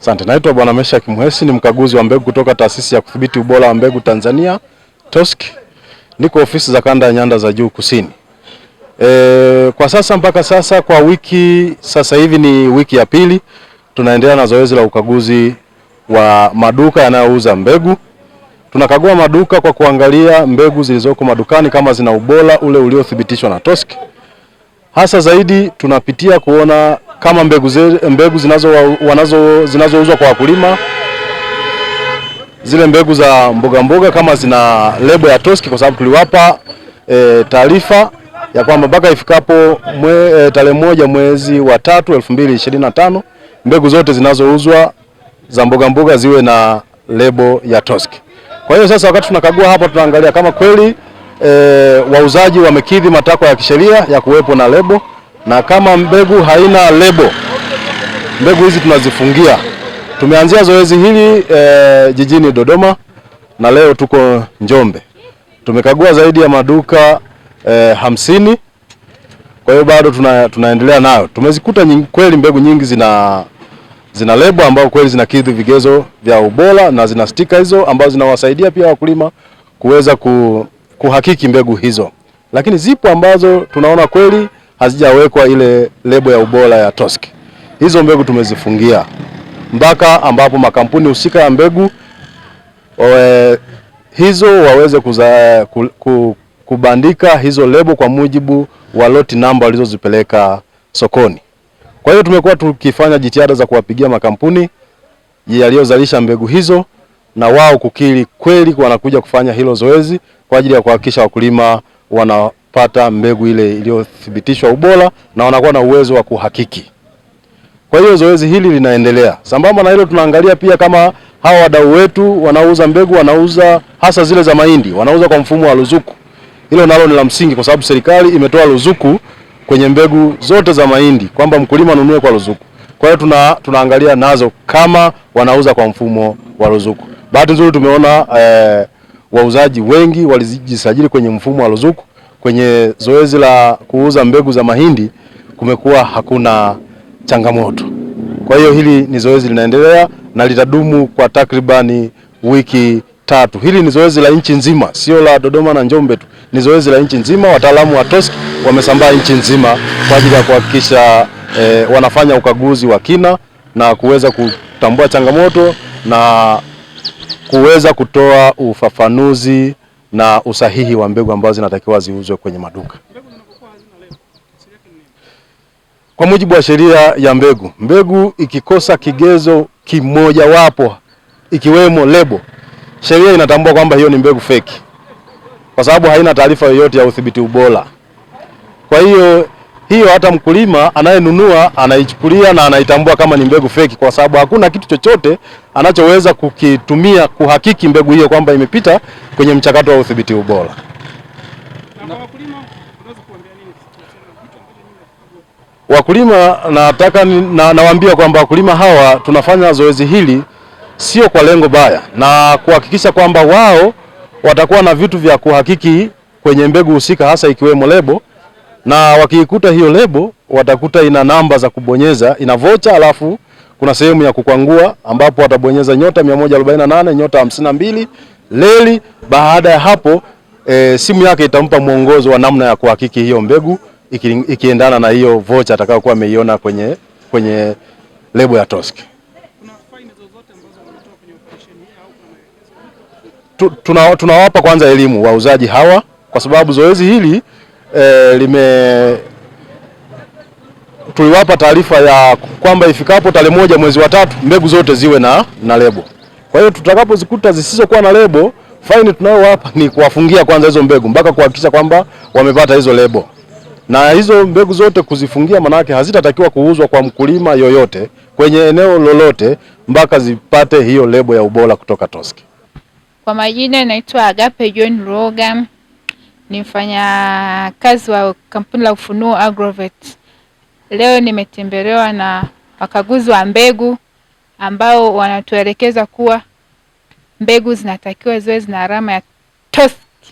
Asante. Naitwa Bwana mesha Muhesi, ni mkaguzi wa mbegu kutoka taasisi ya kudhibiti ubora wa mbegu Tanzania TOSC. Niko ofisi za kanda ya nyanda za juu kusini. E, kwa sasa mpaka sasa kwa wiki sasa hivi ni wiki ya pili tunaendelea na zoezi la ukaguzi wa maduka yanayouza mbegu. Tunakagua maduka kwa kuangalia mbegu zilizoko madukani kama zina ubora ule uliothibitishwa na TOSC. Hasa zaidi tunapitia kuona kama mbegu, mbegu zinazouzwa zinazo kwa wakulima zile mbegu za mboga mboga kama zina lebo ya Toski kwa sababu tuliwapa e, taarifa ya kwamba mpaka ifikapo mwe, e, tarehe moja mwezi wa tatu elfu mbili ishirini na tano mbegu zote zinazouzwa za mboga mboga ziwe na lebo ya Toski. Kwa hiyo sasa, wakati tunakagua hapa, tunaangalia kama kweli e, wauzaji wamekidhi matakwa ya kisheria ya kuwepo na lebo na kama mbegu haina lebo, mbegu hizi tunazifungia. Tumeanzia zoezi hili e, jijini Dodoma na leo tuko Njombe. Tumekagua zaidi ya maduka e, hamsini. Kwa hiyo bado tuna, tunaendelea nayo. Tumezikuta nyingi, kweli mbegu nyingi zina zina lebo ambao kweli zinakidhi vigezo vya ubora na zina stika hizo ambazo zinawasaidia pia wakulima kuweza ku, kuhakiki mbegu hizo, lakini zipo ambazo tunaona kweli hazijawekwa ile lebo ya ubora ya TOSCI. Hizo mbegu tumezifungia mpaka ambapo makampuni husika ya mbegu we, hizo waweze kuza, ku, ku, kubandika hizo lebo kwa mujibu wa loti namba walizozipeleka sokoni. Kwa hiyo tumekuwa tukifanya jitihada za kuwapigia makampuni yaliyozalisha mbegu hizo na wao kukiri kweli wanakuja kufanya hilo zoezi kwa ajili ya kuhakikisha wakulima wana kupata mbegu ile iliyothibitishwa ubora na wanakuwa na uwezo wa kuhakiki. Kwa hiyo zoezi hili linaendelea. Sambamba na hilo, tunaangalia pia kama hawa wadau wetu wanauza mbegu wanauza hasa zile za mahindi, wanauza kwa mfumo wa ruzuku. Hilo nalo ni la msingi, kwa sababu serikali imetoa ruzuku kwenye mbegu zote za mahindi kwamba mkulima anunue kwa ruzuku. Kwa hiyo tuna, tunaangalia nazo kama wanauza kwa mfumo wa ruzuku. Bahati nzuri tumeona eh, wauzaji wengi walijisajili kwenye mfumo wa ruzuku kwenye zoezi la kuuza mbegu za mahindi kumekuwa hakuna changamoto. Kwa hiyo hili ni zoezi linaendelea na litadumu kwa takribani wiki tatu. Hili ni zoezi la nchi nzima, sio la Dodoma na Njombe tu, ni zoezi la nchi nzima. Wataalamu wa TOSC wamesambaa nchi nzima kwa ajili ya kuhakikisha eh, wanafanya ukaguzi wa kina na kuweza kutambua changamoto na kuweza kutoa ufafanuzi na usahihi wa mbegu ambazo zinatakiwa ziuzwe kwenye maduka. Kwa mujibu wa sheria ya mbegu, mbegu ikikosa kigezo kimojawapo ikiwemo lebo, sheria inatambua kwamba hiyo ni mbegu feki, kwa sababu haina taarifa yoyote ya udhibiti ubora. Kwa hiyo hiyo hata mkulima anayenunua anaichukulia na anaitambua kama ni mbegu feki, kwa sababu hakuna kitu chochote anachoweza kukitumia kuhakiki mbegu hiyo kwamba imepita kwenye mchakato wa udhibiti ubora. Wakulima nataka na, nawaambia kwamba wakulima hawa tunafanya zoezi hili sio kwa lengo baya, na kuhakikisha kwamba wao watakuwa na vitu vya kuhakiki kwenye mbegu husika, hasa ikiwemo lebo na wakiikuta hiyo lebo watakuta ina namba za kubonyeza, ina vocha, alafu kuna sehemu ya kukwangua ambapo watabonyeza nyota 148 nyota 52 leli. Baada ya hapo e, simu yake itampa mwongozo wa namna ya kuhakiki hiyo mbegu iki, ikiendana na hiyo vocha atakayokuwa ameiona kwenye, kwenye lebo ya TOSCI. Tunawapa tuna kwanza elimu wauzaji hawa kwa sababu zoezi hili e, lime tuliwapa taarifa ya kwamba ifikapo tarehe moja mwezi wa tatu mbegu zote ziwe na, na lebo. Kwa hiyo tutakapozikuta zisizokuwa na lebo, faini tunayowapa ni kuwafungia kwanza hizo mbegu mpaka kuhakikisha kwamba wamepata hizo lebo, na hizo mbegu zote kuzifungia, manake hazitatakiwa kuuzwa kwa mkulima yoyote kwenye eneo lolote mpaka zipate hiyo lebo ya ubora kutoka TOSCI. Kwa majina naitwa Agape John Rogam, ni mfanya kazi wa kampuni la Ufunuo Agrovet. Leo nimetembelewa na wakaguzi wa mbegu ambao wanatuelekeza kuwa mbegu zinatakiwa ziwe zina alama ya TOS